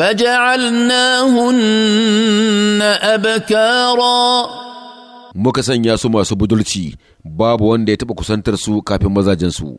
فجعلناهن أبكارا muka sanya su masu budurci babu wanda ya taɓa kusantar su kafin mazajensu